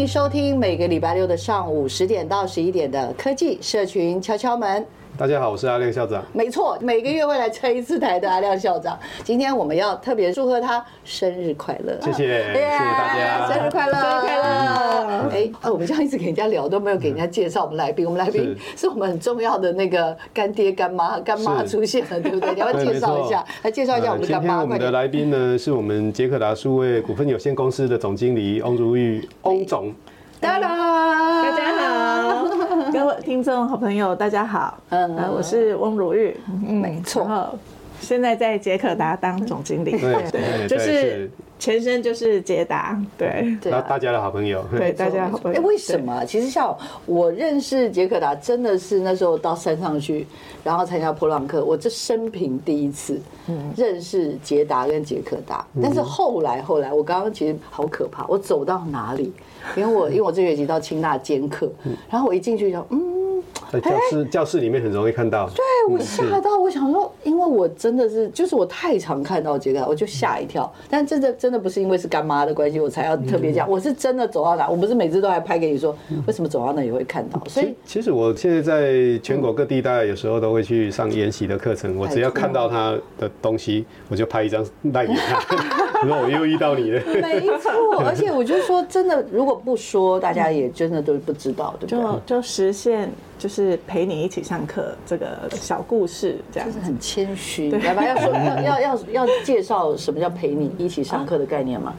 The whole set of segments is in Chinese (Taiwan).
歡迎收聽每個禮拜六的上午十點到十一點的科技社群敲敲門。大家好，我是阿亮校長。沒錯，每個月會來吹一次台的阿亮校長，今天我們要特別祝賀他生日快樂。謝謝，謝謝大家，生日快樂，生日快樂。哎，啊，我們這樣一直給人家聊，都沒有給人家介紹我們來賓。我們來賓是我們很重要的那個乾爹乾媽，乾媽出現了，對不對？你要介紹一下，來介紹一下我們乾媽。今天我們的來賓呢，是我們傑可達數位股份有限公司的總經理翁如玉翁總。大家好，大家好。各位聽眾、好朋友，大家好。嗯，我是翁如玉，沒錯。現在在捷可達當總經理，對，就是前身就是捷達，對，那大家的好朋友，對，大家好朋友。哎，為什麼？其實像我認識捷可達，真的是那時候到山上去，然後參加噗浪客。我這生平第一次認識捷達跟捷可達。但是後來，後來，我剛剛其實好可怕，我走到哪裡。因為我因為我這學期到清大兼課，然後我一進去就嗯，在教室教室裡面很容易看到，對我嚇到，我想說，因為我真的是就是我太常看到這個，我就嚇一跳。但真的真的不是因為是干媽的關係，我才要特別講，我是真的走到哪，我不是每次都還拍給你說，為什麼走到哪裡會看到？所以其實我現在在全國各地，大概有時候都會去上研習的課程，我只要看到他的東西，我就拍一張賴給他，然後我又遇到你了，沒錯。而且我就說真的，如果如果不說，大家也真的都不知道，對不對？就就實現就是陪你一起上課這個小故事，這樣子就是很謙虛。來吧對， 要說要要要介紹什麼叫陪你一起上課的概念嗎？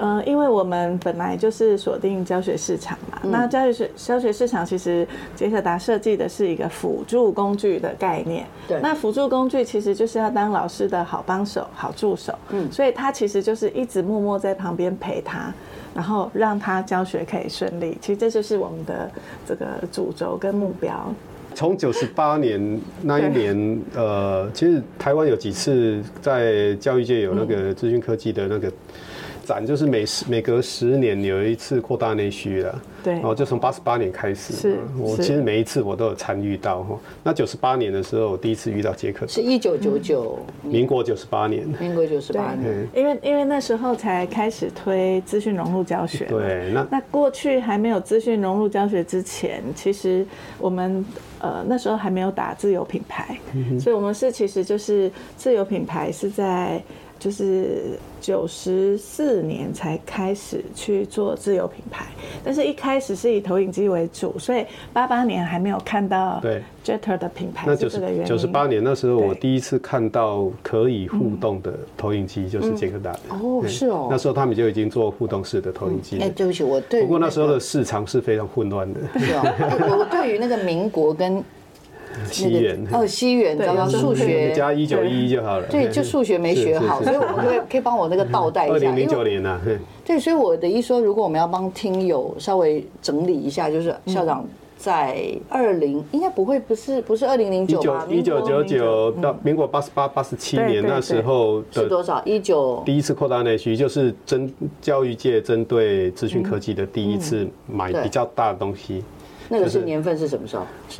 嗯、啊呃，因為我們本來就是鎖定教學市場嘛。嗯、那教學學教學市場其實傑可達設計的是一個輔助工具的概念。對，那輔助工具其實就是要當老師的好幫手、好助手。嗯，所以他其實就是一直默默在旁邊陪他。然後讓他教學可以順利，其實這就是我們的這個主軸跟目標。從九十八年那一年，對呃，其實台灣有幾次在教育界有那個資訊科技的那個。嗯展，就是每十每隔十年有一次擴大內需了，對，然後、哦、就從八十八年開始是，是，我其實每一次我都有參與到哈。那九十八年的時候，我第一次遇到傑可達是 99,、嗯，一九九九，民國九十八年，民國九十八年，對嗯、因為因為那時候才開始推資訊融入教學，對，那那過去還沒有資訊融入教學之前，其實我們呃那時候還沒有打自有品牌，嗯、哼所以我們是其實就是自有品牌是在。就是九十四年才開始去做自有品牌，但是一開始是以投影機為主，所以八八年還沒有看到對 Jetter 的品牌，那就是九十八年那時候我第一次看到可以互動的投影機，就是傑可達的、嗯嗯、哦，是哦，那時候他們就已經做互動式的投影機。哎、嗯欸，對不起，我對不過那時候的市場是非常混亂的。對哦， 我對於那個民國跟。西元哦，西元，剛剛數學加一九一一就好了。對，就數學沒學好，所以我們可以可以幫我那個倒帶一下。二零零九年呢？對，所以我的意思說，如果我們要幫聽友稍微整理一下，就是校長在二零應該不會，不是不是二零零九吧？一九九九到民國八十八八十七年那時候是多少？一九第一次擴大內需，就是針教育界針對資訊科技的第一次買比較大的東西。那個是年份是什麼時候？是，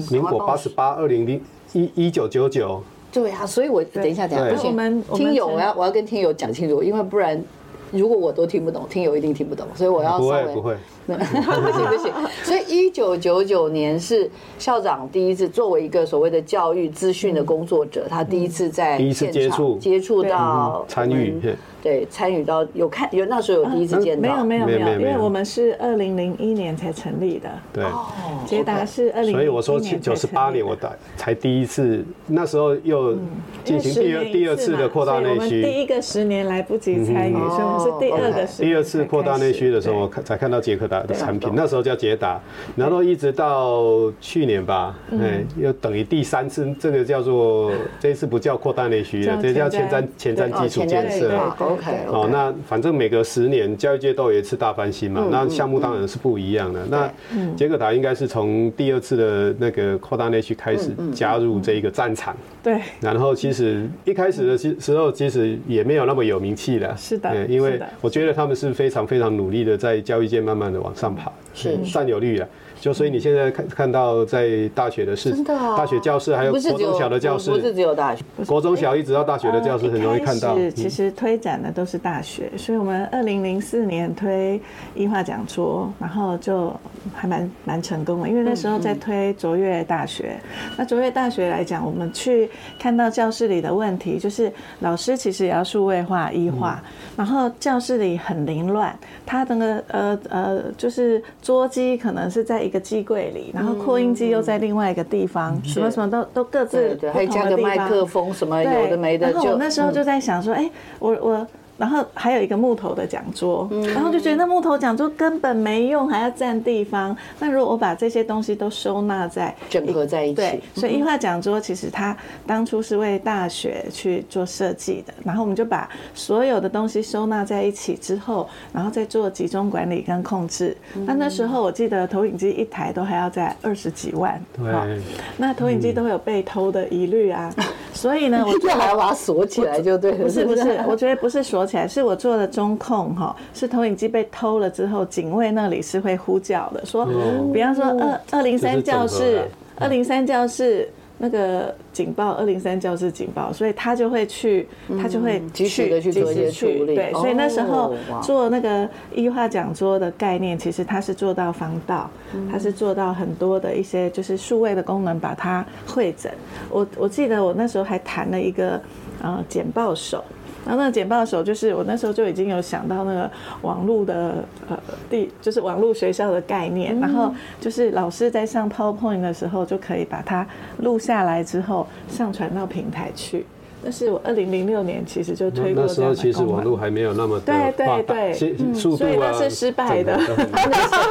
是，是，民國八十八，二零零一，一九九九。對啊，所以我等一下講，對，不是我們聽友，我要我要跟聽友講清楚，因為不然，如果我都聽不懂，聽友一定聽不懂，所以我要稍微不。不會不會。 不行不行，所以一九九九年是校長第一次作為一個所謂的教育資訊的工作者，嗯、他第一次在第一次接觸接觸到參與、嗯嗯、對參與到有看有那時候有第一次見到、嗯、沒有沒有沒有因為我們是二零零一年才成立的對傑可達。哦，是二零所以我說九九十八年我打，才第一次那時候又進行第二第二次的擴大內需第一個十年來不及參與、嗯哦、是第二個十年。第二次擴大內需的時候，我才看到傑可達。的產品那時候叫傑可達，然後一直到去年吧，哎，又等於第三次，這個叫做這一次不叫擴大內需了，這叫前瞻前瞻基礎建設。OK，哦，那反正每隔十年教育界都有一次大翻新嘛，那項目當然是不一樣的。那傑可達應該是從第二次的那個擴大內需開始加入這一個戰場。對，然後其實一開始的其時候其實也沒有那麼有名氣了，是的，因為我覺得他們是非常非常努力的在教育界慢慢的。往上爬算、啊、是占有利了。就所以你現在看、嗯、看到在大學的是、真的啊、大學教室還有國中小的教室、嗯、不是只有大學，不是國中小一直到大學的教室很容易看到。欸呃、其實推展的都是大學，嗯、所以我們二零零四年推一化講桌，然後就還蠻蠻成功的，因為那時候在推卓越大學。嗯嗯、那卓越大學來講，我們去看到教室裡的問題，就是老師其實也要數位化一化，嗯、然後教室裡很凌亂，他整個呃呃就是桌機可能是在一。一個機櫃裡，然後擴音機又在另外一個地方，嗯、什麼什麼都對都各自不同的地方對對，還加個麥克風，什麼有的沒的就。然後我那時候就在想說，哎、嗯，我我。然後還有一個木頭的講桌，嗯、然後就覺得那木頭講桌根本沒用，還要占地方。那如果我把這些東西都收納在整合在一起，對，嗯、哼所以音畫講桌其實它當初是為大學去做設計的。然後我們就把所有的東西收納在一起之後，然後再做集中管理跟控制。嗯、那那時候我記得投影機一台都還要在二十幾萬，對，嗯嗯、那投影機都會有被偷的疑慮啊。 所以呢，我覺得 還要把它鎖起來就對了。不是不是， 我覺得不是鎖。起來是我做的中控哈，是投影機被偷了之後，警衛那裡是會呼叫的，說，嗯、比方說二二零三教室，二零三教室那個警報，二零三教室警報，所以他就會去，嗯、他就會繼續的去做一些處理。處理對，所以那時候做那個 E 化講桌的概念，其實他是做到防盜，嗯、他是做到很多的一些就是數位的功能把它彙整。我我記得我那時候還談了一個呃簡報手。然後那個簡報的時候，就是我那時候就已經有想到那個網絡的呃，地，就是網絡學校的概念。嗯、然後就是老師在上 PowerPoint 的時候，就可以把它錄下來之後上傳到平台去。但是我二零零六年，其實就推過。那時候其實網絡還沒有那麼對對對，速度啊，所以那是失敗的。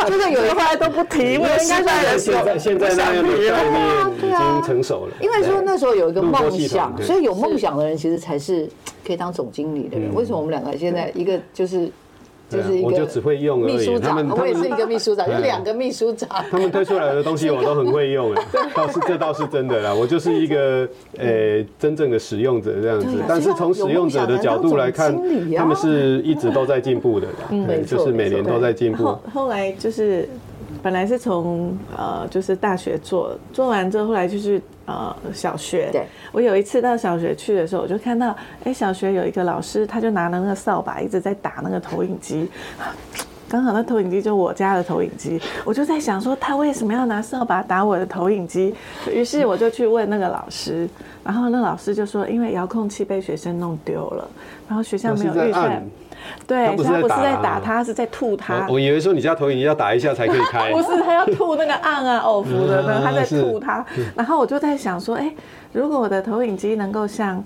就是有的話都不提，因為失敗的時候不想提了。對啊，對啊，已經成熟了。因為說那時候有一個夢想，所以有夢想的人其實才是可以當總經理的人。為什麼我們兩個現在一個就是？我就只會用而已。他們，我也是一個秘書長，有兩個秘書長。他們推出來的東西，我都很會用。倒是這倒是真的啦，我就是一個誒真正的使用者這樣子。但是從使用者的角度來看，他們是一直都在進步的啦。就是每年都在進步。後後來就是。本來是從呃，就是大學做，做完之後後來就去呃小學。對。我有一次到小學去的時候，我就看到，哎，小學有一個老師，他就拿着那個掃把一直在打那個投影機，啊。剛好那投影機就我家的投影機，我就在想說，他為什麼要拿掃把打我的投影機？於是我就去問那個老師，然後那老師就說，因為遙控器被學生弄丟了，然後學校沒有預算。對，他不、啊、他不是在打他，是在吐他、哦。我以為說你家投影儀要打一下才可以開。 不是，他要吐那個暗啊，偶、 哦、服了，他在吐他。啊，然後我就在想說，哎、欸，如果我的投影機能夠像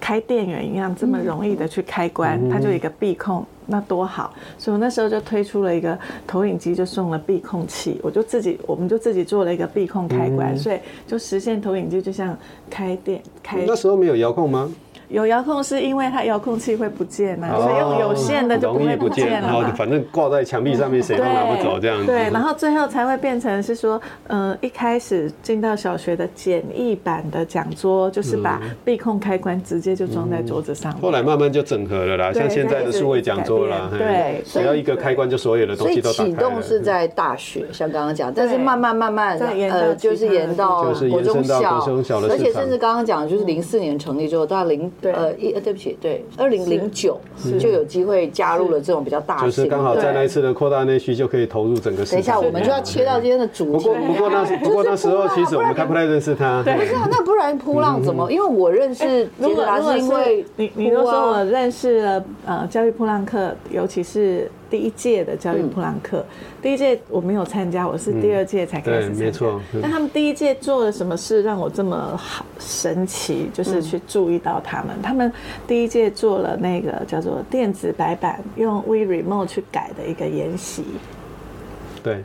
開電源一樣這麼容易的去開關，嗯、它就有一個閉控，嗯、那多好。所以我那時候就推出了一個投影機，就送了閉控器，我就自己，我們就自己做了一個閉控開關，嗯、所以就實現投影機就像開電開、嗯。那時候沒有遙控嗎？有遙控是因為它遙控器會不見嘛、啊，哦、所以用有線的就不會不見了嘛然後、哦、反正掛在牆壁上面，誰都拿不走這樣子。對，然後最後才會變成是說，嗯、呃，一開始進到小學的簡易版的講桌，就是把閉控開關直接就裝在桌子上、嗯嗯、後來慢慢就整合了啦，對像現在的數位講桌啦，對，對只要一個開關就所有的東西都啟動是在大學，像剛剛講，但是慢慢慢慢對呃，就是延到國中小，就是到國小，而且甚至剛剛講就是零四年成立之後到零。呃一、呃對不起，對二零零九就有機會加入了這種比較大的，就是剛好在那一次的擴大內需就可以投入整個市場。等一下，我們就要切到今天的主題。不過不過那時不過那時候其實我們還不太認識他。對不是啊，那不然噗浪怎麼？因為我認識噗浪、欸、是因為、啊、如果是你，你都說我認識了呃教育噗浪客，尤其是。第一屆的教育噗浪客，嗯，第一屆我沒有參加，我是第二屆才開始參加，嗯，沒錯。那他們第一屆做了什麼事讓我這麼好神奇？就是去注意到他們，嗯，他們第一屆做了那個叫做電子白板，用 Wii Remote 去改的一個研習。對。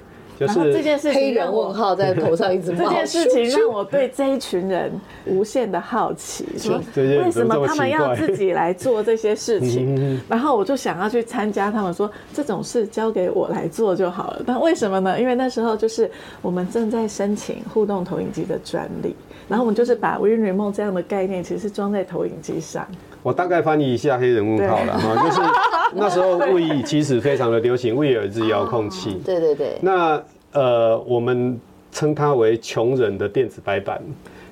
事是黑人問號在頭上，一直這件事情讓我對這一群人無限的好奇，說為什麼他們要自己來做這些事情？然後我就想要去參加，他們說這種事交給我來做就好了。但為什麼呢？因為那時候就是我們正在申請互動投影機的專利，然後我們就是把 WinRemote 這樣的概念，其實裝在投影機上。我大概翻譯一下黑人問號了哈對，就是那時候，Wii 其實非常的流行，Wii 有一隻遙控器，對對對。那呃，我們稱它為窮人的電子白板，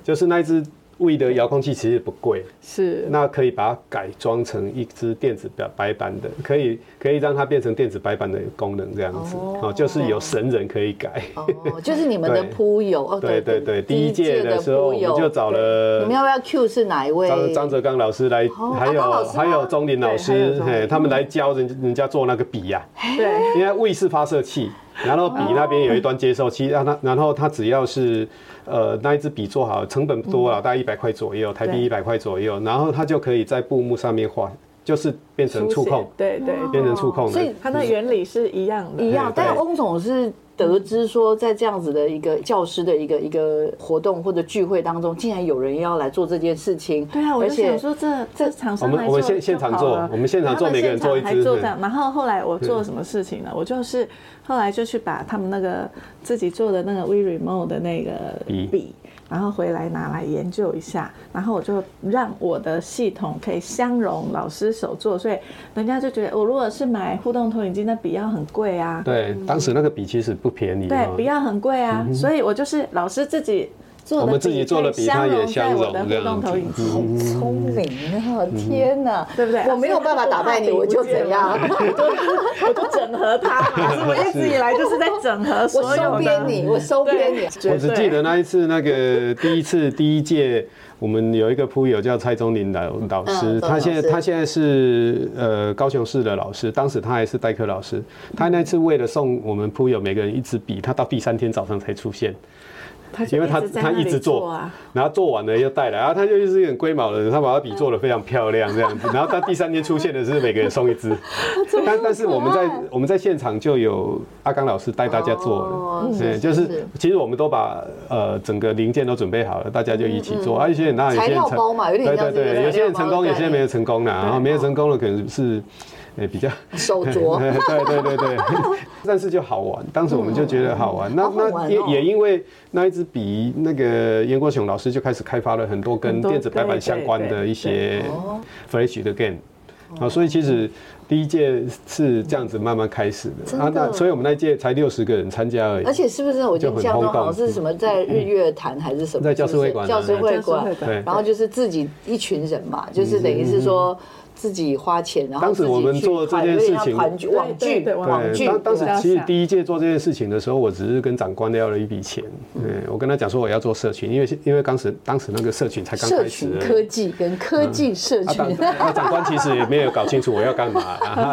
就是那一隻。威的遙控器其實不貴，是那可以把它改裝成一支電子白板的，可以可以讓它變成電子白板的功能這樣子哦，就是有神人可以改，哦，就是你們的噗友哦，對對對，第一屆的時候我就找了，你們要不要 Q 是哪一位？張張澤剛老師來，還有還有鍾林老師，嘿，他們來教人人家做那個筆呀，對，因為威是發射器。然後筆那邊有一段接收器、哦，然後然後它只要是，呃，那一支筆做好，成本不多了，大概一百塊左右，台幣一百塊左右，嗯、然後它就可以在布幕上面畫，就是變成觸控，對對，對變成觸控的，哦、是所以它的原理是一樣的，一樣、嗯，對但是翁總是，得知說，在這樣子的一個教師的一個一個活動或者聚會當中，竟然有人要來做這件事情。對啊，我就想說這，且這這廠商來做現,現場做，我們現場做，每個人做一支對然後後來我做了什麼事情呢？對我就是後來就去把他們那個自己做的那個 We Remote 的那個筆。然後回來拿來研究一下，然後我就讓我的系統可以相容老師手作。所以人家就覺得我如果是買互動投影機，那筆要很貴啊。對，當時那個筆其實不便宜。對，筆要很貴啊，所以我就是老師自己。我，我們自己做的比他也相容的。好聰明啊！天哪，對不對？我沒有辦法打敗你，嗯、我就怎樣、啊？不不我就整合他， 是 我一直以來就是在整合。我收編你，我收編你。對 對 我只記得那一次，那個第一次第一屆，我們有一個噗友叫蔡宗林老老師，他現在他現在是呃高雄市的老師，當時他還是代課老師。他那次為了送我們噗友每個人一支筆，他到第三天早上才出現。啊、因為他他一直做，然後做完了又帶來，然後他又是一個很龜毛的人，他把筆做得非常漂亮這樣子。 然後他第三天出現的是每個人送一支， 啊、麼麼但但是我們在我們在現場就有阿剛老師帶大家做了，對，就是其實我們都把呃整個零件都準備好了，大家就一起做。嗯嗯啊，有些人那有些包嘛，有點有對對對，有些人成功，有些人沒有成功啦對然後沒有成功的可能是。哦欸，比較手鐲，對對對，但是就好玩，當時我們就覺得好玩。那那也也因為那一支筆，那個嚴國雄老師就開始開發了很多跟電子白板相關的一些 Flash 的 Game。所以其實第一屆是這樣子慢慢開始的，那所以我們那一屆才六十個人參加而已。而且是不是我記得叫做好像是什麼在日月潭還是什麼在教師會館？教師會館，對，然後就是自己一群人嘛，就是等於是說。自己花錢，然後自己去。當時我們做這件事情，網劇，對，當當時其實第一屆做這件事情的時候，我只是跟長官要了一筆錢。嗯，我跟他講說我要做社群，因為因為當時當時那個社群才剛開始，科技跟科技社群。那長官其實也沒有搞清楚我要幹嘛。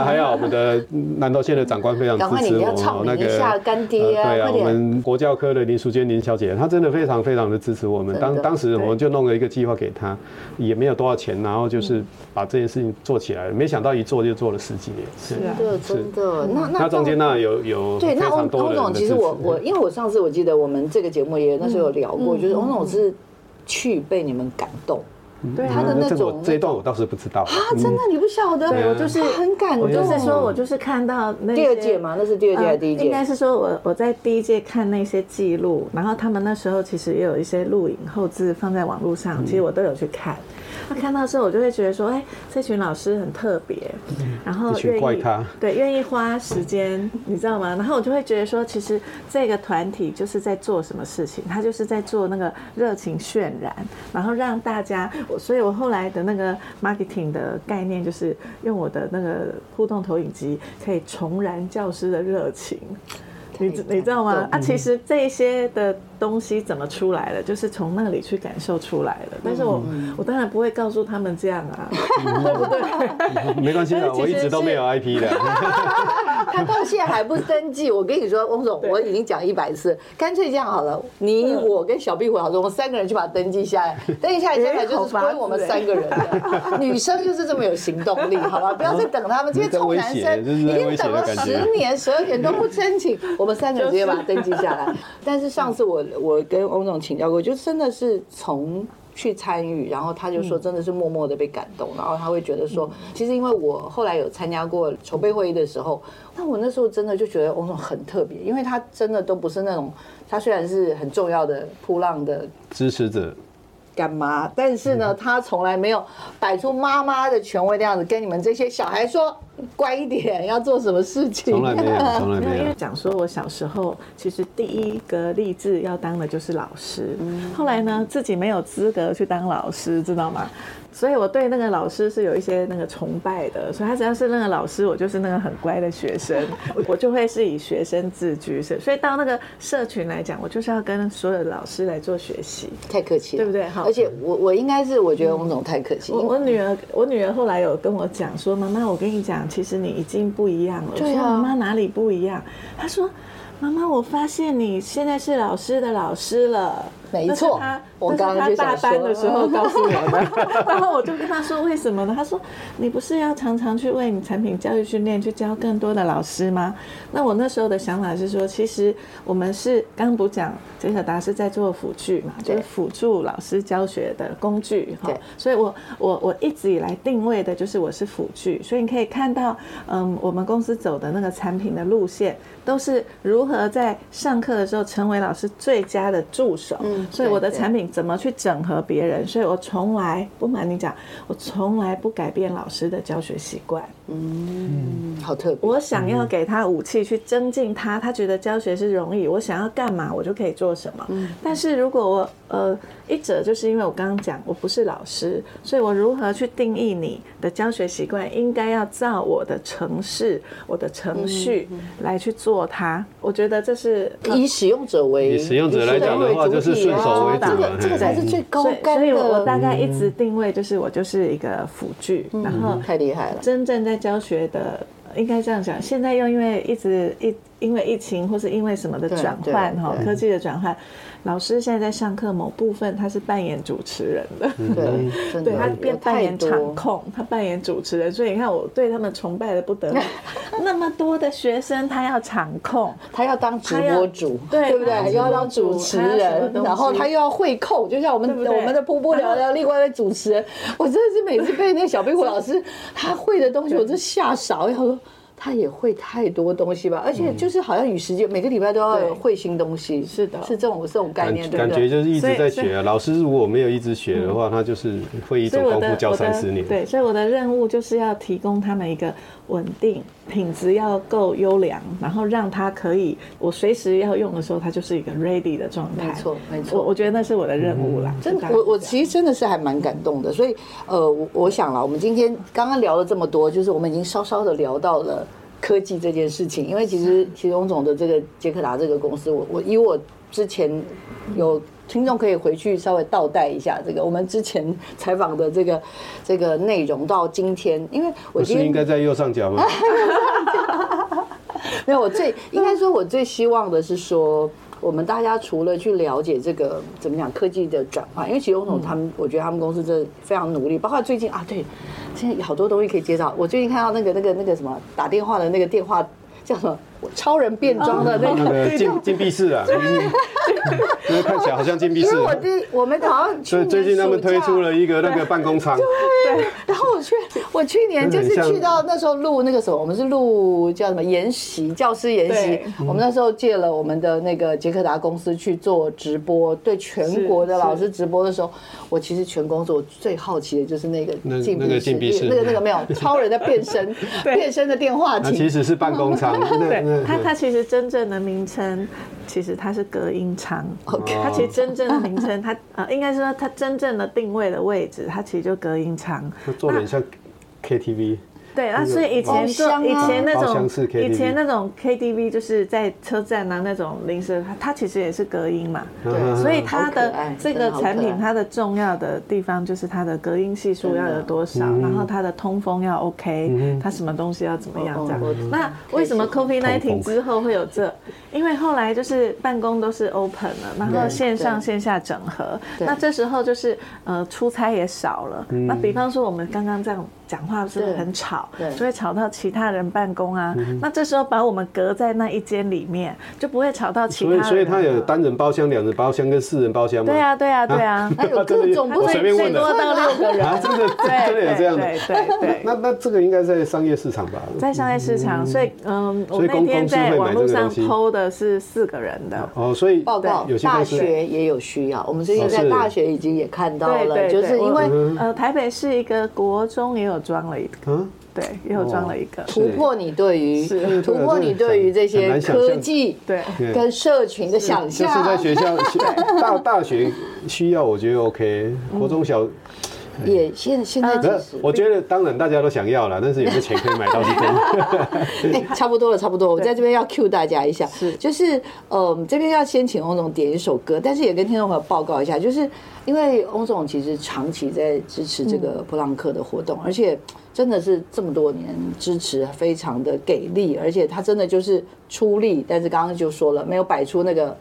還有我們的南投縣的長官非常支持我們。那個乾爹，對啊，我們國教科的林淑娟林小姐，她真的非常非常的支持我們。當當時我們就弄了一個計劃給她，也沒有多少錢，然後就是把這件事情。做起來，沒想到一做就做了十幾年。是的，真的。那那中間那有有對那翁翁總，其實我我因為我上次我記得我們這個節目也那時候有聊過，就是翁總是去被你們感動，他的那種這一段我倒是不知道啊，真的你不曉得，就是很感動，就是說我就是看到那第二屆嘛，那是第二屆還是第一屆？應該是說我我在第一屆看那些記錄，然後他們那時候其實也有一些錄影後製放在網絡上，其實我都有去看。他看到之後，我就會覺得說：“哎、欸，這群老師很特別，然後願意、嗯、怪他對願意花時間，你知道嗎？”然後我就會覺得說，其實這個團體就是在做什麼事情，他就是在做那個熱情渲染，然後讓大家我。所以我後來的那個 marketing 的概念，就是用我的那個互動投影機，可以重燃教師的熱情。你你知道嗎？啊，其實這些的東西怎麼出來的，就是從那裡去感受出來的。但是我我當然不會告訴他們這樣啊。對不對，沒關係的，我一直都沒有 IP 的。他到現在還不登記，我跟你說，翁總，我已經講一百次，乾脆這樣好了，你我跟小壁虎，我們三個人去把它登記下來，登記下來現在就是歸我們三個人的。女生就是這麼有行動力，好吧，不要再等他們這些臭男生，已經等了十年十二年都不申請，我。我們三個直接把它登記下來。但是上次我我跟翁總請教過，就真的是從去參與，然後他就說真的是默默的被感動，然後他會覺得說，其實因為我後來有參加過籌備會議的時候，那我那時候真的就覺得翁總很特別，因為他真的都不是那種，他雖然是很重要的噗浪的支持者。乾媽，但是呢，嗯、他從來沒有擺出媽媽的權威的樣子跟你們這些小孩說乖一點，要做什麼事情。從來沒有，從來沒有。 因為講說我小時候其實第一個立志要當的就是老師，嗯、後來呢自己沒有資格去當老師，知道嗎？所以我對那個老師是有一些那個崇拜的，所以他只要是那個老師，我就是那個很乖的學生， 我就會是以學生自居，所以到那個社群來講，我就是要跟所有的老師來做學習。太客氣了，對不對？好。而且我我應該是我覺得那總太可惜，嗯我。我女兒我女兒後來有跟我講說：“媽媽，我跟你講，其實你已經不一樣了。”對啊。媽媽哪裡不一樣？她說：“媽媽，我發現你現在是老師的老師了。”沒錯，是他我剛剛下班的時候告訴我的 然後我就跟他說，為什麼呢？他說你不是要常常去為你產品教育訓練，去教更多的老師嗎？那我那時候的想法是說，其實我們是剛剛不講傑可達是在做輔具嘛，就是輔助老師教學的工具哈對、哦。所以我我我一直以來定位的就是我是輔具，所以你可以看到，嗯，我們公司走的那個產品的路線都是如何在上課的時候成為老師最佳的助手。嗯所以我的產品怎麼去整合別人？對對對，所以我從來不瞞你講，我從來不改變老師的教學習慣。嗯，好特別。我想要給他武器去增進他，他覺得教學是容易。我想要幹嘛，我就可以做什麼。嗯，但是如果我。呃，一者就是因為我剛剛講，我不是老師，所以我如何去定義你的教學習慣，應該要照我的程式、我的程序來去做它。我覺得這是、嗯嗯、呵以使用者為以使用者來講的話，以就是順手為主、啊，這個這個才是最高的對、嗯所。所以我，嗯、我大概一直定位就是我就是一個輔具，嗯、然後太厲害了。真正在教學的，應該這樣講。現在又因為一直因為疫情，或是因為什麼的轉換哈，科技的轉換。老師現在在上課某部分，他是扮演主持人的，對，對他變扮演場控，他扮演主持人，所以你看我對他們崇拜的不得了。那麼多的學生，他要場控，他要當直播主，對不對？又要當主持人，然後他又要會控，就像我們我們的噗噗聊聊另外一位主持人，我真的是每次被那個小壁虎老師他會的東西我都嚇傻，後他也會太多東西吧，而且就是好像與時俱進，每個禮拜都要會新東西，是的，是這種這種概念，感對的。感覺就是一直在學。啊，老師如果沒有一直學的話，嗯、他就是會一種功夫教三十年。對，所以我的任務就是要提供他們一個穩定。品質要夠優良，然後讓它可以我隨時要用的時候，它就是一個 ready 的狀態。沒錯，沒錯我，我覺得那是我的任務了。嗯、真的，我我其實真的是還蠻感動的。所以，呃，我我想了，我們今天剛剛聊了這麼多，就是我們已經稍稍的聊到了。科技這件事情，因為其實祁東總，總的這個傑可達這個公司，我我以我之前有聽眾可以回去稍微倒帶一下這個我們之前採訪的這個這個內容到今天，因為我不是應該在右上角嗎？ 沒有，我最應該說，我最希望的是說，我們大家除了去了解這個怎麼講科技的轉換，因為祁東總，總他們，嗯、我覺得他們公司真的非常努力，包括最近啊，對。現在好多東西可以介紹。我最近看到那個那個那個什麼打電話的那個電話叫什麼？超人變裝的那個禁禁閉室啊，因為看起來好像禁閉室。因為我的我們好像去。對，最近他們推出了一個那個辦公艙。對。然後我去，我去年就是去到那時候錄那個什麼，我們是錄叫什麼研習教師研習。我們那時候借了我們的那個傑可達公司去做直播，對全國的老師直播的時候，我其實全公司我最好奇的就是那個禁閉室。那個那個沒有超人的變身，變身的電話亭。那其實是辦公艙。對。它,它其實真正的名稱，其實它是隔音艙。OK，它其實真正的名稱，它呃，應該說它真正的定位的位置，它其實就隔音艙。就做的很像 KTV。.對啊，所以以前說，以前那種以前那種 KTV 就是在車站啊那種臨時，它它其實也是隔音嘛，對，所以它的這個產品，它的重要的地方就是它的隔音係數要有多少，然後它的通風要 OK，它什麼東西要怎麼樣這樣。那為什麼 COVID-19 之後會有這？因為後來就是辦公都是 open 了，然後線上線下整合，那這時候就是呃出差也少了，那比方說我們剛剛這樣。講話是很吵？對，所以吵到其他人辦公啊。那這時候把我們隔在那一間裡面，就不會吵到其他人。所以所以他有單人包廂、兩人包廂跟四人包廂嗎？對啊，對啊，對啊。這個總不會最多到六個人。真的真這樣子。對對。那那這個應該在商業市場吧？在商業市場，所以嗯，我那天在網絡上偷的是四個人的。哦，所以有些大學也有需要。我們最近在大學已經也看到了，就是因為呃，台北是一個國中也有。裝了一個，嗯、對，又裝了一個，哦、突破你對於是突破你對於這些科技對跟社群的想象，就是在學校 大大學需要，我覺得 OK，國中小。嗯也現現在，我覺得當然大家都想要了，但是有些錢可以買到天。 欸、差不多了，差不多。我在這邊要 cue 大家一下，就是嗯、呃，這邊要先請翁總點一首歌，但是也跟聽眾朋友報告一下，就是因為翁總其實長期在支持這個噗浪客的活動，而且真的是這麼多年支持非常的給力，而且他真的就是出力，但是剛剛就說了沒有擺出那個。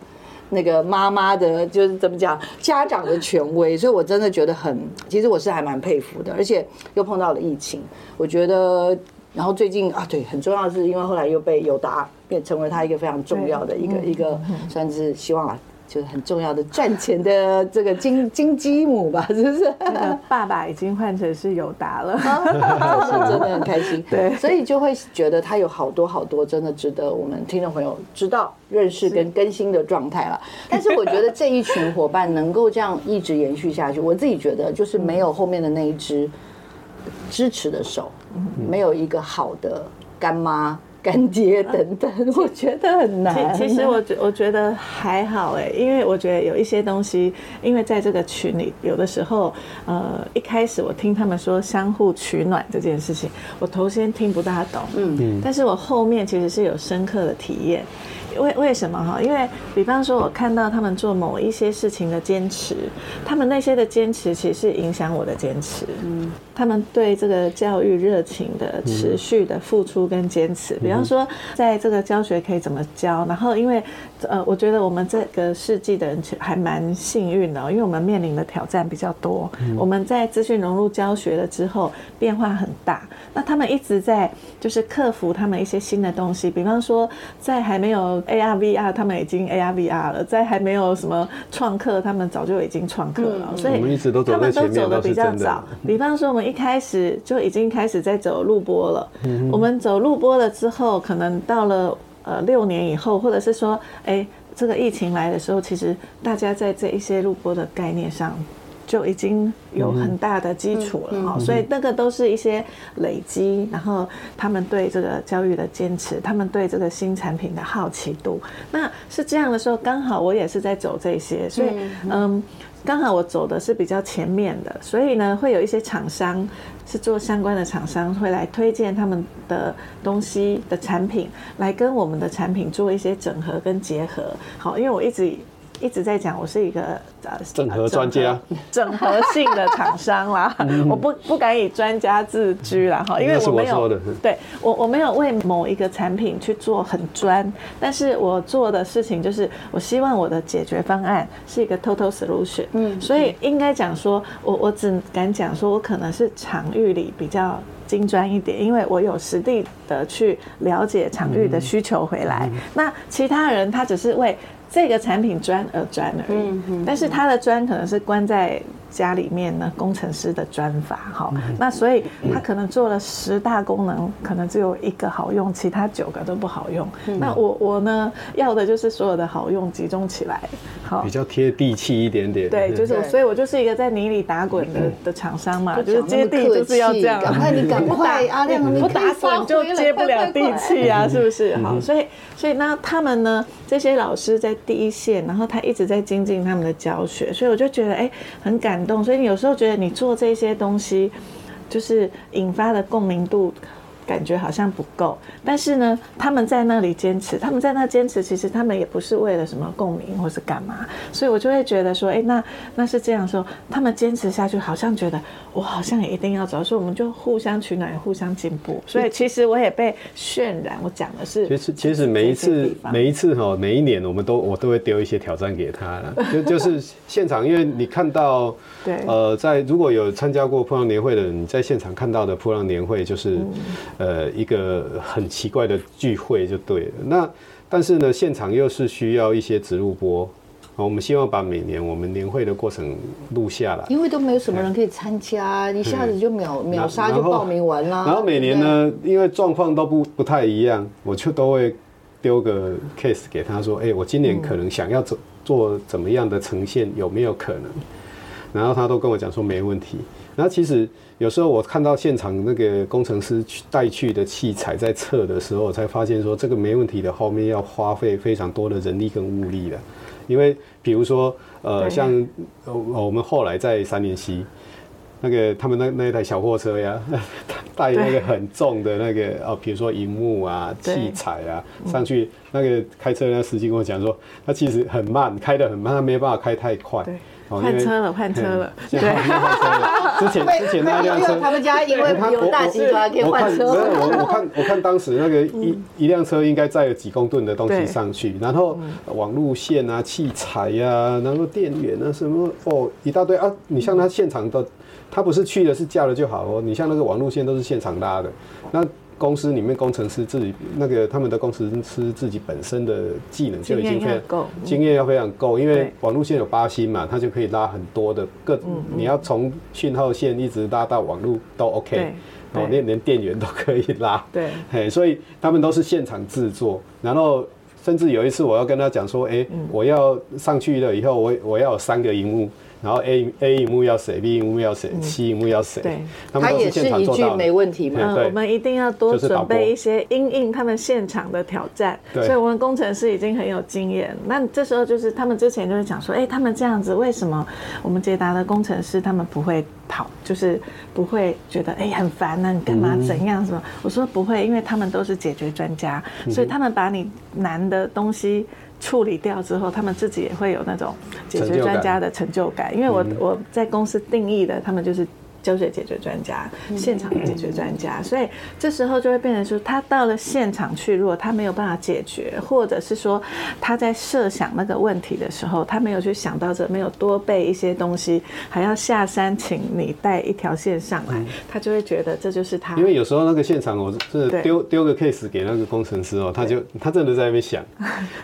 那個媽媽的，就是怎麼講，家長的權威，所以我真的覺得很，其實我是還蠻佩服的，而且又碰到了疫情，我覺得，然後最近啊，對，很重要的是，因為後來又被友達變成為他一個非常重要的一個對一個，算是希望了。就是很重要的賺錢的這個金金雞母吧，是不是？爸爸已經換成是友達了，是、啊、真，真的很開心。對，所以就會覺得他有好多好多真的值得我們聽眾朋友知道、認識跟更新的狀態了。是但是我覺得這一群夥伴能夠這樣一直延續下去，我自己覺得就是沒有後面的那一只支，支持的手，沒有一個好的乾媽。感覺等等，我覺得很難。其實我我覺得還好誒，因為我覺得有一些東西，因為在這個群裡，有的時候，呃，一開始我聽他們說相互取暖這件事情，我頭先聽不大懂，嗯嗯，但是我後面其實是有深刻的體驗。為為什麼哈？因為比方說，我看到他們做某一些事情的堅持，他們那些的堅持其實是影響我的堅持。嗯，他們對這個教育熱情的持續的付出跟堅持。嗯、比方說，在這個教學可以怎麼教，嗯、然後因為呃，我覺得我們這個世紀的人其實還蠻幸運的，因為我們面臨的挑戰比較多。嗯、我們在資訊融入教學了之後，變化很大。那他們一直在就是克服他們一些新的東西，比方說在還沒有。A R V R，他們已經 A R V R 了，在還沒有什麼創客，他們早就已經創客了。嗯嗯所以，他們都走得比較早。比方說，我們一開始就已經開始在走錄播了。 我們走錄播了之後，可能到了呃六年以後，或者是說，哎、欸，這個疫情來的時候，其實大家在這一些錄播的概念上，就已經有很大的基礎了哈，嗯，嗯嗯，所以那個都是一些累積，然後他們對這個教育的堅持，他們對這個新產品的好奇度，那是這樣的時候，剛好我也是在走這些，所以嗯，剛好我走的是比較前面的，所以呢，會有一些廠商是做相關的廠商會來推薦他們的東西的產品，來跟我們的產品做一些整合跟結合，好，因為我一直。一直在講我是一個呃整合專家，啊，整合性的廠商啦， 嗯、我不不敢以專家自居啦、嗯、因為我沒有我對我我沒有為某一個產品去做很專，但是我做的事情就是我希望我的解決方案是一個 total solution，嗯，所以應該講說我我只敢講說我可能是場域裡比較精專一點，因為我有實地的去了解場域的需求回來，嗯嗯、那其他人他只是為。這個產品專而專而已，嗯嗯嗯、但是它的專可能是關在家裡面呢，工程師的專法好，那所以他可能做了十大功能，可能只有一個好用，其他九個都不好用。那我我呢，要的就是所有的好用集中起來，好，比較接地氣一點點。對，就是所以我就是一個在泥裡打滾的的廠商嘛，就是接地就是要這樣。趕快你趕快阿亮快不打滾就接不了地氣啊，是不是？好，所以所以那他們呢，這些老師在第一線，然後他一直在精進他們的教學，所以我就覺得哎，很感。感動，所以你有時候覺得你做這些東西，就是引發的共鳴度。感覺好像不夠，但是呢，他們在那裡堅持，他們在那堅持，其實他們也不是為了什麼共鳴或是幹嘛，所以我就會覺得說，哎、欸，那那是這樣說，他們堅持下去，好像覺得我好像也一定要走，所以我們就互相取暖，互相進步。所以其實我也被渲染，我講的是，其實其實每一次一每一次哈、喔，每一年我們都我都會丟一些挑戰給他就就是現場， 因為你看到對呃，在如果有參加過噗浪年會的人，你在現場看到的噗浪年會就是。嗯呃，一個很奇怪的聚會就對了。那但是呢，現場又是需要一些直播，我們希望把每年我們年會的過程錄下來。因為都沒有什麼人可以參加，嗯、一下子就秒、嗯、秒殺就報名完啦。嗯、然後、然後每年呢，白因為狀況都不不太一樣，我就都會丟個 case 給他說，哎，我今年可能想要做、嗯、做怎麼樣的呈現，有沒有可能？然後他都跟我講說沒問題。那其實有時候我看到現場那個工程師去帶去的器材在測的時候，才發現說這個沒問題的，後面要花費非常多的人力跟物力的。因為比如說，呃，像我們後來在三連溪，那個他們那那一台小貨車呀，帶那個很重的那個哦，比如說熒幕啊、器材啊上去，那個開車那司機跟我講說，他其實很慢，開得很慢，他沒辦法開太快。換車了，換車了。對，之前之前那輛車，他們家因為有大金磚，可以換車。沒有，我我看我看當時那個一一輛車應該載有幾公噸的東西上去，然後網路線啊、器材呀，然後電源啊什麼哦，一大堆啊。你像他現場都，他不是去的是架了就好哦。你像那個網路線都是現場拉的，那。公司裡面工程師自己，那個他們的工程師自己本身的技能就已經夠，經驗要非常夠，因為網絡線有八芯嘛，它就可以拉很多的各。你要從訊號線一直拉到網絡都 OK，然後連連電源都可以拉。對。所以他們都是現場製作，然後甚至有一次我要跟他講說，哎，我要上去了以後，我我要有三個熒幕然後 A A 螢幕要誰，B 螢幕要誰，C 螢幕要誰，嗯？對，他們是一句做到，沒問題。我們一定要多準備一些因應他們現場的挑戰。所以我們工程師已經很有經驗。對那這時候就是他們之前就是講說，哎、欸，他們這樣子為什麼我們傑可達的工程師他們不會跑？就是不會覺得哎、欸、很煩呢、啊？你幹嘛、嗯、怎樣什麼？我說不會，因為他們都是解決專家，所以他們把你難的東西。處理掉之後，他們自己也會有那種解決專家的成就感，因為我我在公司定義的，他們就是。修水解決專家，現場解決專家，嗯嗯、所以這時候就會變成說，他到了現場去，如果他沒有辦法解決，或者是說他在設想那個問題的時候，他沒有去想到這，沒有多備一些東西，還要下山請你帶一條線上來，嗯、他就會覺得這就是他。因為有時候那個現場我就丟，我是丟丟個 case 給那個工程師哦、喔，他就他真的在那邊想，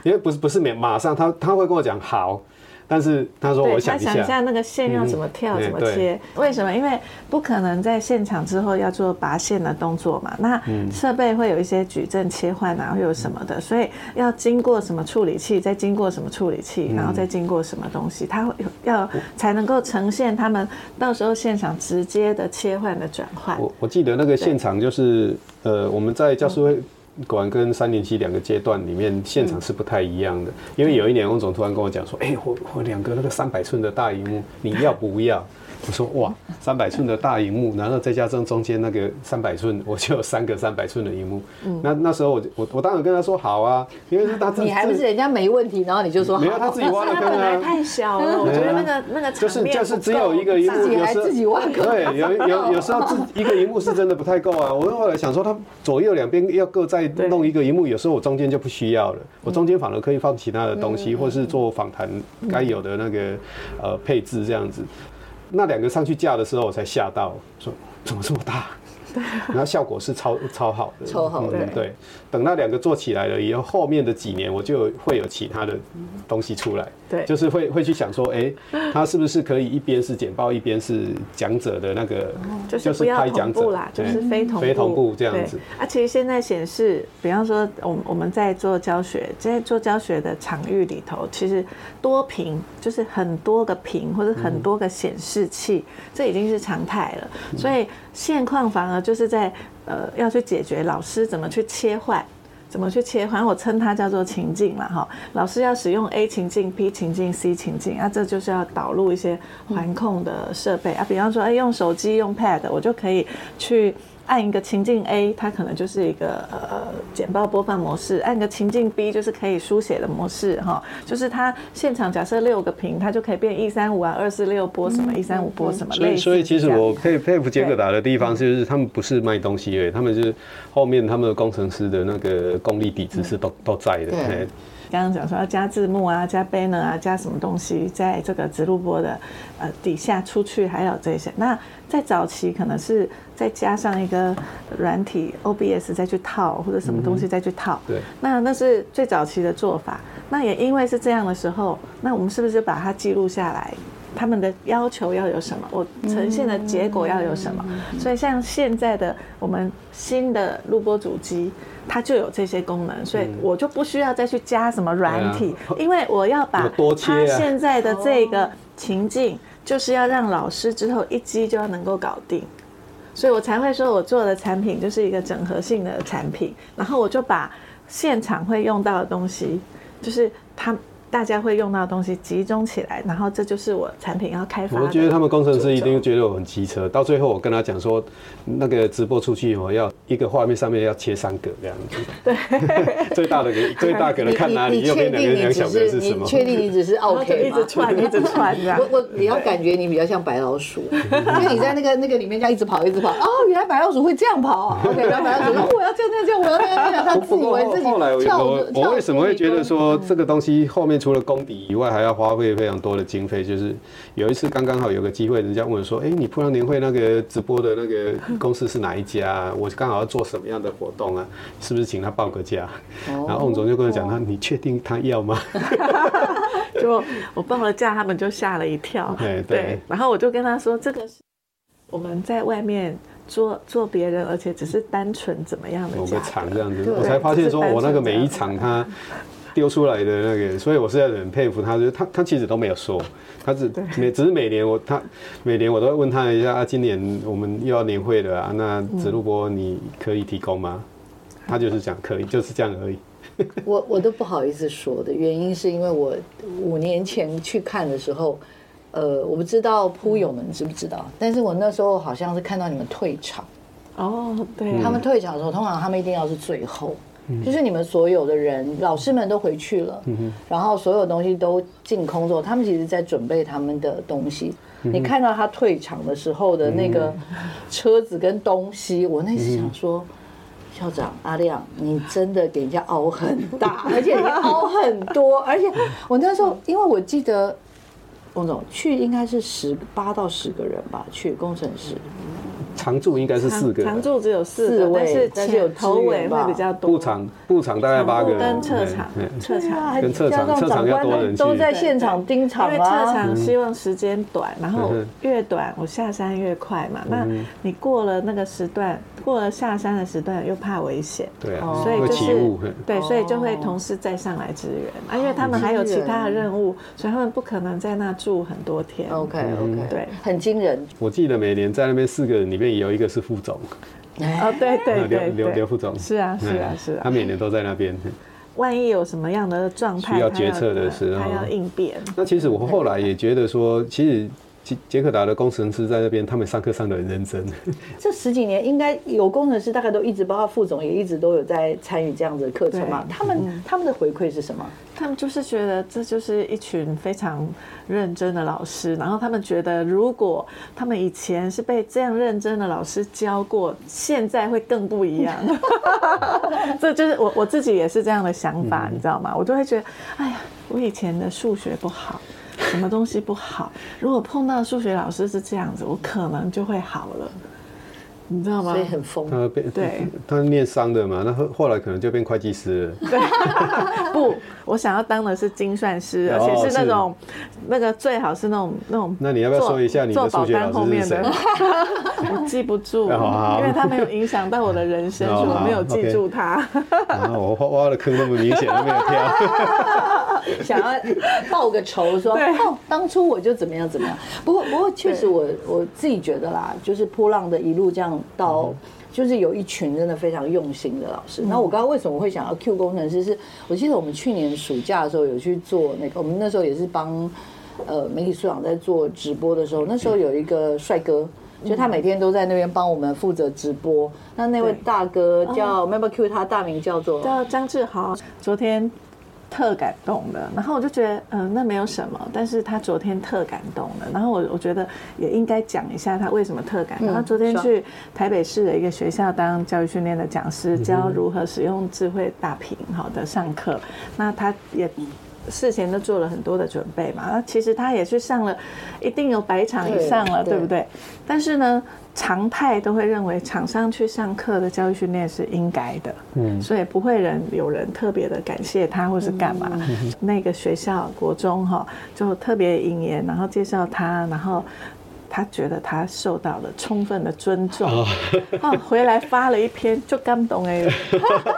對因為不是不是沒馬上他，他他會跟我講好。但是他說，對我想一下，他想一下那個線要怎麼跳，嗯、怎麼切？為什麼？因為不可能在現場之後要做拔線的動作嘛。那設備會有一些矩陣切換，啊，然後、嗯、有什麼的，所以要經過什麼處理器，再經過什麼處理器，然後再經過什麼東西，嗯、它會有要才能夠呈現他們到時候現場直接的切換的轉換。我我記得那個現場就是對呃，我們在教師會。果然跟307兩個階段裡面現場是不太一樣的，嗯、因為有一年翁總突然跟我講說，哎、嗯欸，我我兩個那個三百寸的大熒幕，嗯、你要不要？ 我說哇，三百寸的大熒幕，然後再加上中間那個三百寸，我就有三個三百寸的熒幕。嗯、那那時候我我我當然跟他說好啊，因為是他自己。你還不是人家沒問題，然後你就說好、嗯、沒有他自己挖的坑啊。太小了，我覺得那個那個就是就是只有一個熒幕，自己還自己挖坑。對，有有有時候自一個熒幕是真的不太夠啊。 我後來想說，他左右兩邊要各再弄一個熒幕，有時候我中間就不需要了。我中間反而可以放其他的東西，嗯、或是做訪談該有的那個、嗯、呃配置這樣子。那兩個上去架的時候，我才嚇到，說怎麼這麼大？然後效果是超超好的， 超好的，對。等那兩個做起來了，以後後面的幾年我就會有其他的東西出來，嗯、對，就是會會去想說，哎、欸，他是不是可以一邊是簡報，一邊是講者的那個、嗯，就是不要同步啦，就是非同非同步這樣子。啊，其實現在顯示，比方說，我我們在做教學，在做教學的場域裡頭，其實多屏就是很多個屏或者很多個顯示器，嗯、這已經是常態了。所以現況反而就是在。呃，要去解決老師怎麼去切換，怎麼去切換？我稱它叫做情境嘛。哈。老師要使用 A 情境、B 情境、C 情境啊，這就是要導入一些環控的設備啊。比方說，哎、欸，用手機、用 Pad，我就可以去。按一個情境 A，它可能就是一個呃簡報播放模式；按一個情境 B，就是可以書寫的模式哈。就是它現場假設六個屏，它就可以變一三五啊，二四六播什麼一三五播什麼，類似這樣。所以所以其實我佩佩服傑可達的地方，就是他們不是賣東西耶，對嗯、他們就是後面他們的工程師的那個功力底子是都、嗯、都在的。對剛剛講說要加字幕啊，加 Banner 啊，加什麼東西，在這個直錄播的呃底下出去，還有這些。那在早期可能是再加上一個軟體 OBS 再去套，或者什麼東西再去套。嗯、對。那那是最早期的做法。那也因為是這樣的時候，那我們是不是把它記錄下來？他們的要求要有什麼？我呈現的結果要有什麼？嗯、所以像現在的我們新的錄播主機。它就有這些功能，所以我就不需要再去加什麼軟體，嗯、因為我要把它現在的這個情境，就是要讓老師之後一機就要能夠搞定，所以我才會說我做的產品就是一個整合性的產品，然後我就把現場會用到的東西，就是它。大家會用到的東西集中起來，然後這就是我產品要開發。我覺得他們工程師一定覺得我很機車。到最後我跟他講說，那個直播出去以後要一個畫面上面要切三格這樣子。對最，最大的最大格的看哪裡？右邊兩個，兩小格是什麼？確定你只是 OK 一直竄，一直竄。 我我你要感覺你比較像白老鼠， 因為你在那個那個裡面像一直跑，一直跑。哦，原來白老鼠會這樣跑。OK，原來白老鼠說，我要這樣這樣，我要這樣這樣 他自以為自己跳，我後來我,我,我,我為什麼會覺得說、嗯、這個東西後面？除了功底以外，還要花費非常多的經費。就是有一次，剛剛好有個機會，人家問我說：“哎，你不上年會那個直播的那個公司是哪一家啊？我剛好要做什麼樣的活動啊？是不是請他報個價？”然後翁總就跟我講：“他，你確定他要嗎 ？”就 我報了價，他們就嚇了一跳。對對。然後我就跟他說：“這個是我們在外面做做別人，而且只是單純怎麼樣的某個場這樣子，我才發現說我那個每一場他。”丟出來的那個，所以我是在很佩服他，就他他,他其實都沒有說，他只對每只是每年我他每年我都會問他一下啊，今年我們又要年會了啊，那直播，你可以提供嗎？他就是講可以，就是這樣而已。 我我都不好意思說的原因是因為我五年前去看的時候，呃，我不知道噗友們知不知道，但是我那時候好像是看到你們退場哦，對，他們退場的時候，通常他們一定要是最後。就是你們所有的人，嗯、哼老師們都回去了，嗯、哼然後所有東西都進空之後，他們其實在準備他們的東西。嗯、哼你看到他退場的時候的那個車子跟東西，嗯、哼我那時想說，嗯、哼校長阿亮，你真的給人家凹很大，而且你凹很多， 而且我那時候因為我記得。翁總去應該是十八到十個人吧，去工程師。常駐應該是四個。常駐只有四個，但是但是有頭尾會比較多。布場布場大概八個人。跟撤場撤場跟撤場撤場要多人去。都在現場盯場。因為撤場希望時間短，然後越短我下山越快嘛。那你過了那個時段，過了下山的時段又怕危險。對，所以就是對，所以就會同時再上來支援啊，因為他們還有其他的任務，所以他們不可能在那。住很多天，OK OK，對，很驚人。我記得每年在那邊四個人裡面有一個是副總，哦、對對劉劉、啊、副總，是啊是啊是啊、嗯，他每年都在那邊。萬一有什麼樣的狀態，需要決策的時候，還要應變。那其實我後來也覺得說，其實。傑可達的工程師在那邊，他們上課上得很認真。這十幾年應該有工程師，大概都一直，包括副總也一直都有在參與這樣子的課程嘛？對他們、嗯、他們的回饋是什麼？他們就是覺得這就是一群非常認真的老師，然後他們覺得如果他們以前是被這樣認真的老師教過，現在會更不一樣。 這就是我我自己也是這樣的想法，嗯、你知道嗎？我就會覺得，哎呀，我以前的數學不好。什麼東西不好？如果碰到數學老師是這樣子，我可能就會好了，你知道嗎？所以很瘋。他變。對，他念商的嘛，那後後來可能就變會計師了。對。不，我想要當的是精算師，而且是那種那個最好是那種那種。那你要不要說一下你的數學老師是誰？我記不住，因為他沒有影響到我的人生，所以我沒有記住他。啊，我挖挖的坑那麼明顯都沒有跳。 想要報個仇說，說對當初我就怎麼樣怎麼樣。不過，不過確實我，我對我自己覺得啦，就是噗浪的一路這樣到，嗯、就是有一群真的非常用心的老師。那、嗯、我剛剛為什麼會想要 Q 工程師是我記得我們去年暑假的時候有去做那個，我們那時候也是幫呃媒體素養在做直播的時候，那時候有一個帥哥，嗯、就他每天都在那邊幫我們負責直播。那那位大哥叫 Member Q，、哦、他大名叫做叫張志豪。昨天。特感動的，然後我就覺得，嗯、呃，那沒有什麼。但是他昨天特感動的，然後我我覺得也應該講一下他為什麼特感動。嗯、他昨天去台北市的一個學校當教育訓練的講師，教如何使用智慧大屏，好的上課。嗯、那他也事前都做了很多的準備嘛。那其實他也去上了一定有百場以上了，對，對，對不對？但是呢。常態都會認為廠商去上課的教育訓練是應該的，嗯，所以不會人有人特別的感謝他或是幹嘛。嗯嗯嗯、那個學校國中哈就特別引言，然後介紹他，然後他覺得他受到了充分的尊重，啊，回來發了一篇就感動哎，啊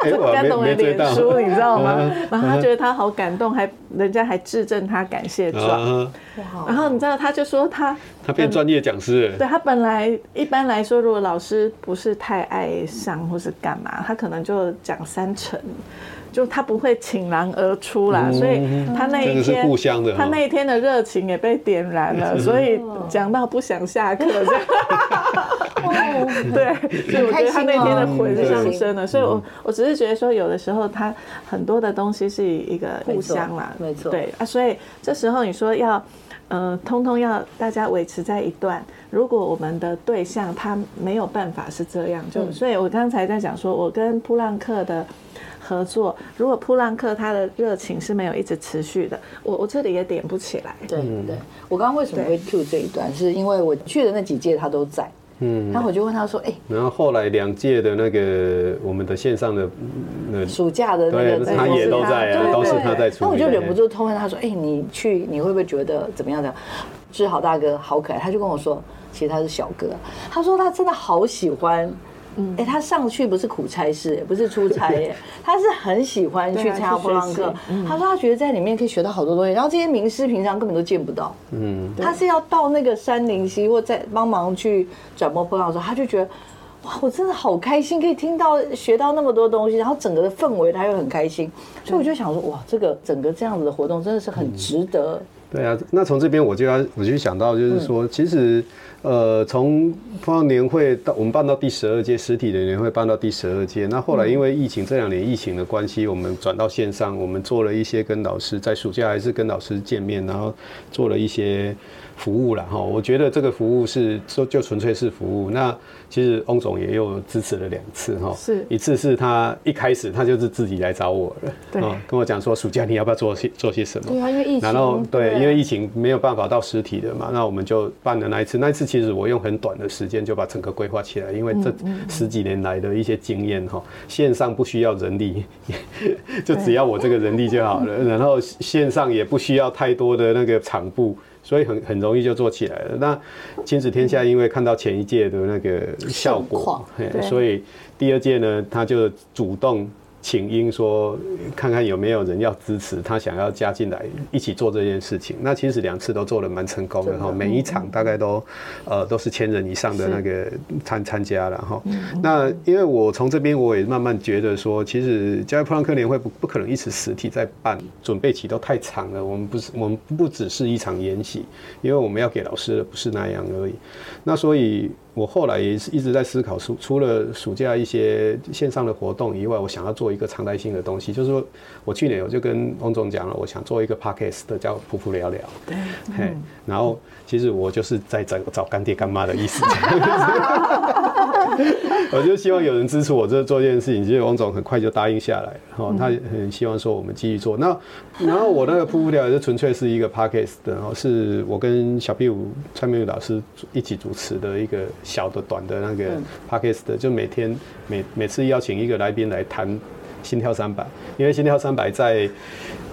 這個、感動了臉書，哎、你知道嗎？啊、然後他覺得他好感動，還人家還致贈他感謝狀，啊、哇然後你知道他就說他。他變專業講師，嗯，對他本來一般來說，如果老師不是太愛上或是幹嘛，他可能就講三成，就他不會傾囊而出啦。嗯、所以他那一天，嗯哦、他那一天的熱情也被點燃了，所以講到不想下課。哦、 對，所以我覺得他那天的魂是上升了。哦、所以我，我我只是覺得說，有的時候他很多的東西是一個互相啦。沒錯，沒錯對啊。所以這時候你說要。呃，通通要大家維持在一段。如果我們的對象他沒有辦法是這樣就，就、嗯、所以，我剛才在講說，我跟噗浪客的合作，如果噗浪客他的熱情是沒有一直持續的，我我這裡也點不起來。對對對，我剛剛為什麼會 cue 這一段，對是因為我去的那幾屆他都在。嗯，然後我就問他說：“哎、欸，然後後來兩屆的那個我們的線上的，嗯、暑假的那個對他，他也都在啊，對對，都是他在出。對對”那我就忍不住偷問他說：“哎、欸，你去你會不會覺得怎麼樣的？的志豪大哥好可愛。”他就跟我說：“其實他是小哥。”他說：“他真的好喜歡。”哎、嗯、欸，他上去不是苦差事，不是出差耶，哎， 他是很喜歡去參、啊、加噗浪客。嗯、他說他覺得在裡面可以學到好多東西，嗯、然後這些名師平常根本都見不到。嗯，他是要到那個杉林溪或在幫忙去轉播噗浪的時候，他就覺得哇，我真的好開心，可以聽到學到那麼多東西，然後整個的氛圍他又很開心。對所以我就想說，哇，這個整個這樣子的活動真的是很值得。嗯、對啊，那從這邊我就要我就想到，就是說、嗯、其實。呃，從放年會到我們辦到第十二屆實體的年會，辦到第十二屆。那後來因為疫情、嗯、這兩年疫情的關係，我們轉到線上，我們做了一些跟老師在暑假還是跟老師見面，然後做了一些。服務了哈，我覺得這個服務是說，就純粹是服務。那其實翁總也又支持了兩次哈，是，一次是他一開始他就是自己來找我了，對，跟我講說，暑假你要不要做些做些什麼，對啊，因為疫情，然後對，對因為疫情沒有辦法到實體的嘛，那我們就辦了那一次。那一次其實我用很短的時間就把整個規劃起來，因為這十幾年來的一些經驗哈，嗯嗯線上不需要人力， 就只要我這個人力就好了，對然後線上也不需要太多的那個場部。所以很很容易就做起來了。那親子天下因為看到前一屆的那個效果，所以第二屆呢，他就主動。請纓說，看看有沒有人要支持他，想要加進來一起做這件事情。那其實兩次都做得蠻成功的哈，嗎每一場大概都，呃，都是千人以上的那個參參是加了哈。那因為我從這邊我也慢慢覺得說，其實加利噗浪客年會不，不可能一直實體在辦，準備期都太長了。我們不是我們不只是一場研習，因為我們要給老師的不是那樣而已。那所以。我後來也是一直在思考，除除了暑假一些線上的活動以外，我想要做一個常態性的東西。就是說，我去年我就跟翁總講了，我想做一個 podcast 叫“噗噗聊聊對”。對、嗯，然後其實我就是在找找乾爹乾媽的意思。 我就希望有人支持我這做這件事情。結果、嗯、王總很快就答應下來，然、哦、後他很希望說我們繼續做。那，然後我那個噗噗聊就純粹是一個 Podcast 然後是我跟小屁五川明老師一起主持的一個小的短的那個 Podcast、嗯、就每天每每次邀請一個來賓來談心跳三百，因為心跳三百在。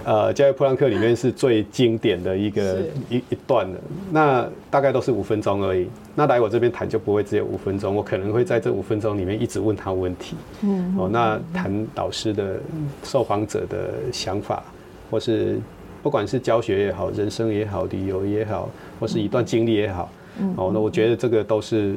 呃，教育噗浪客裡面是最經典的一個是一一段的，那大概都是五分鐘而已。那來我這邊談就不會只有五分鐘，我可能會在這五分鐘裡面一直問他問題。嗯，哦，那談導師的受訪者的想法，或是不管是教學也好、人生也好、旅遊也好，或是一段經歷也好。嗯，哦，那我覺得這個都是。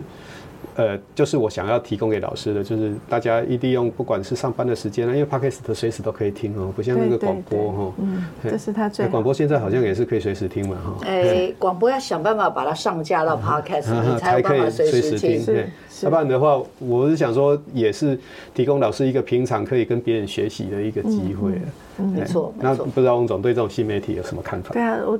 呃，就是我想要提供給老師的，就是大家一定用，不管是上班的時間啊，因為 Podcast 隨時都可以聽哦、喔，不像那個廣播哈、喔。嗯，嘿這是他最好。欸、廣播現在好像也是可以隨時聽嘛哈。哎，欸、廣播要想辦法把它上架到 Podcast，、嗯、你才可以隨時聽。是。是要不然的話，我是想說，也是提供老師一個平常可以跟別人學習的一個機會。嗯嗯、沒錯，沒錯、哎。那不知道翁總對這種新媒體有什麼看法？對啊，我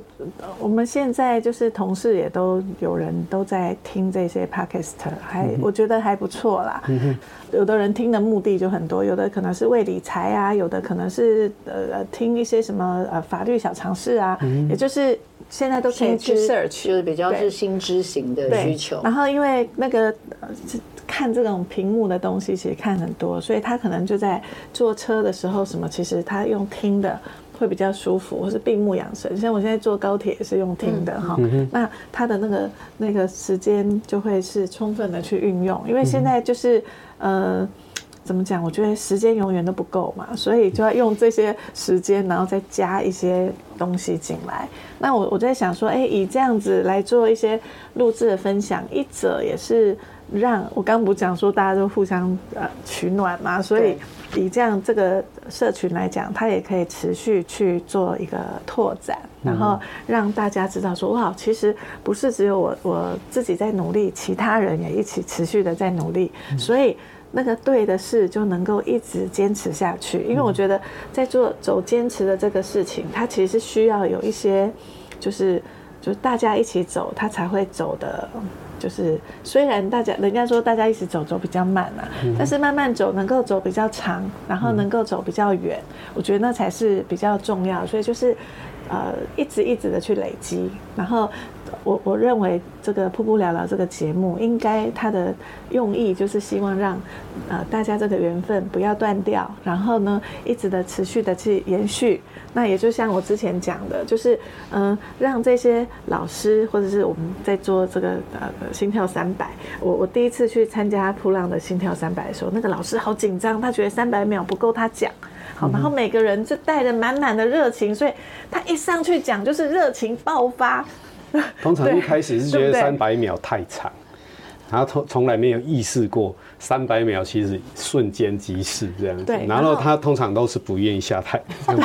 我們現在就是同事也都有人都在聽這些 podcast，還、嗯、哼我覺得還不錯啦。嗯、哼有的人聽的目的就很多，有的可能是為理財啊，有的可能是呃聽一些什麼呃法律小常識啊，嗯、哼也就是。現在都可以去 search 就是比較是新知型的需求。然後因為那個、呃、看這種屏幕的東西，其實看很多，所以他可能就在坐車的時候什麼，其實他用聽的會比較舒服，或是閉目養神。像我現在坐高鐵也是用聽的哈。嗯、吼那他的那個那個時間就會是充分的去運用，因為現在就是、嗯、呃。怎麼講？我覺得時間永遠都不夠嘛，所以就要用這些時間，然後再加一些東西進來。那我我在想說，誒、欸，以這樣子來做一些錄製的分享，一者也是讓我剛不講說大家都互相呃取暖嘛，所以以這樣這個社群來講，它也可以持續去做一個拓展，然後讓大家知道說，哇，其實不是只有我我自己在努力，其他人也一起持續的在努力，所以。那個對的事就能夠一直堅持下去，因為我覺得在做走堅持的這個事情，它其實需要有一些、就是，就是就是大家一起走，它才會走的，就是雖然大家人家說大家一起走走比較慢嘛、啊，但是慢慢走能夠走比較長，然後能夠走比較遠，我覺得那才是比較重要，所以就是呃一直一直的去累積，然後。我我認為這個《噗噗聊聊》這個節目，應該它的用意就是希望讓，呃，大家這個緣分不要斷掉，然後呢，一直的持續的去延續。那也就像我之前講的，就是嗯、呃，讓這些老師或者是我們在做這個呃心跳三百，我我第一次去參加噗浪的心跳三百的時候，那個老師好緊張，他覺得三百秒不夠他講。好，然後每個人就帶着滿滿的熱情，所以他一上去講就是熱情爆發。通常一開始是覺得三百秒太長。然後從來沒有意識過三百秒其實瞬間即逝這樣子，然後他通常都是不願意下台。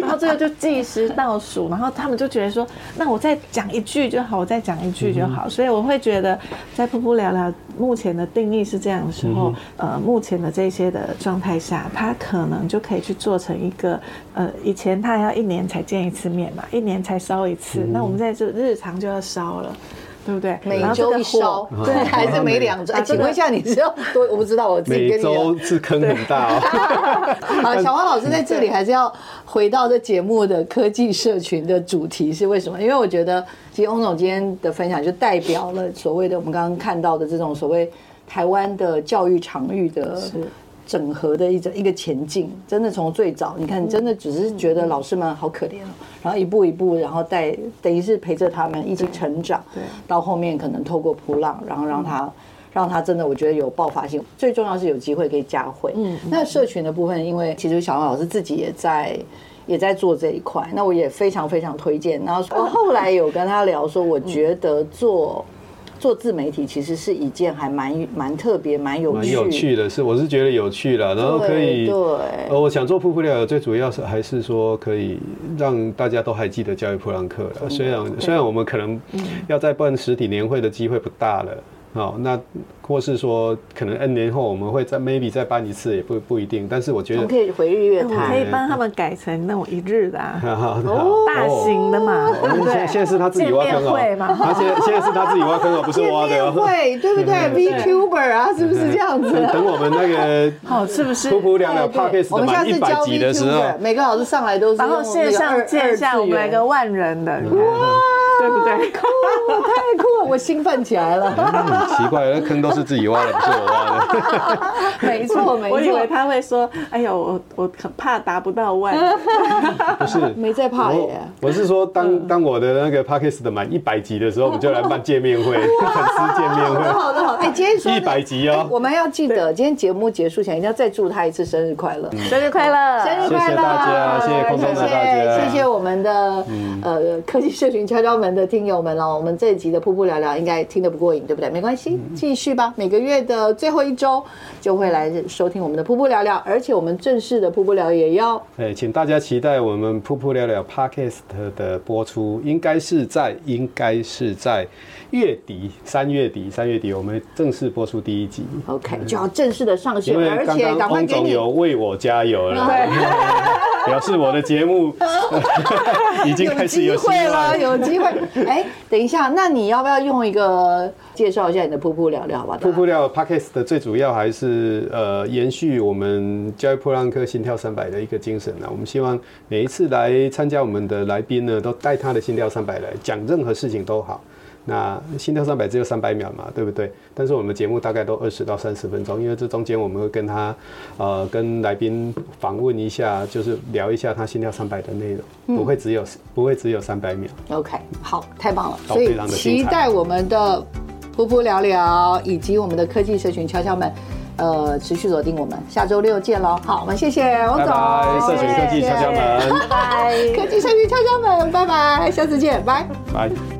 然後這個就計時倒數，然後他們就覺得說，那我再講一句就好，我再講一句就好。所以我會覺得，在噗噗聊聊目前的定義是這樣的時候，呃，目前的這些的狀態下，他可能就可以去做成一個，呃，以前他要一年才見一次面嘛，一年才燒一次，那我們在這日常就要燒了。對不對？每周一燒，對還是每兩周？哎，對請問一下，你知道多？對我不知道，我自己跟你說。每周之坑很大、哦對。 好是小黃老師在這裡還是要回到這節目的科技社群的主題是為什麼？因為我覺得，其實翁總今天的分享就代表了所謂的我們剛剛看到的這種所謂台灣的教育場域的整合的一種一個前進。真的從最早，嗯、你看，你真的只是覺得老師們好可憐哦。然後一步一步，然後帶，等於是陪着他們一起成長。到後面可能透過噗浪，然後讓他讓他真的，我覺得有爆發性。最重要是有機會可以加回嗯，那社群的部分，因為其實小王老師自己也在也在做這一塊。那我也非常非常推薦。然後我、哦、後來有跟他聊說，我覺得做。嗯嗯做自媒體其實是一件還蠻蠻特別、蠻有趣、蠻有趣的事。我是覺得有趣了，然後可以對，對、呃。我想做噗噗聊聊，最主要是還是說可以讓大家都還記得教育普朗克了。嗯、雖然雖然我們可能要再辦實體年會的機會不大了，好、嗯哦，那。或是說，可能 N 年後我們會再 maybe 再辦一次，也不不一定。但是我覺得我們可以回日月潭，可以幫他們改成那種一日的，大型的嘛。對，現在是他自己挖坑了。他現現在是他自己挖坑了，不是我挖的。會，對不對？VTuber 啊，是不是這樣子？等我們那個，好，是不是？噗噗聊聊 Podcast 的一百集的時候，每個老師上來都是。然後線上見一下，我們來個萬人的，哇，對不對？酷，太酷了，我興奮起來了。很奇怪，那坑都是。自己挖的，不是我挖的，沒錯，沒錯。我以為他會說：“哎呦，我我很怕達不到萬。”不是，沒在怕耶。我是說，當當我的那個 podcast 的滿一百集的時候，我們就來辦見面會，粉絲見面會。好的，好的。哎，今天一百集哦。我們要記得今天節目結束前一定要再祝他一次生日快樂，生日快樂，生日快樂，謝謝大家，謝謝，謝謝我們的呃科技社群敲敲門的聽友們哦，我們這一集的噗噗聊聊應該聽得不過癮，對不對？沒關係，繼續吧。每個月的最後一周，就會來收聽我們的“噗噗聊聊”，而且我們正式的“噗噗聊”也要哎、欸，請大家期待我們“噗噗聊聊 ”Podcast 的播出，應該是在應該是在月底，三月底，三月底我們正式播出第一集。OK，就要正式的上線，而且剛剛翁總有為我加油了，對 表示我的節目 已經開始有機會了，有機會。哎、欸，等一下，那你要不要用一個介紹一下你的“噗噗聊聊”？噗噗聊 Podcast 的最主要還是呃延續我們教育噗浪客心跳三百的一個精神呢、啊。我們希望每一次來參加我們的來賓呢，都帶他的心跳三百來講任何事情都好。那心跳三百只有三百秒嘛，對不對？但是我們節目大概都二十到三十分鐘，因為這中間我們會跟他呃跟來賓訪問一下，就是聊一下他心跳三百的內容，不會只有、嗯、不會只有三百秒。OK，好，太棒了，所以期待我們的。噗噗聊聊、以及我們的科技社群敲敲門，呃，持續鎖定我們，下周六見嘍！好，我們謝謝王總，我走，拜拜，社群科技敲敲門， 科技社群敲敲門，拜拜， 下次見，拜拜。 拜拜。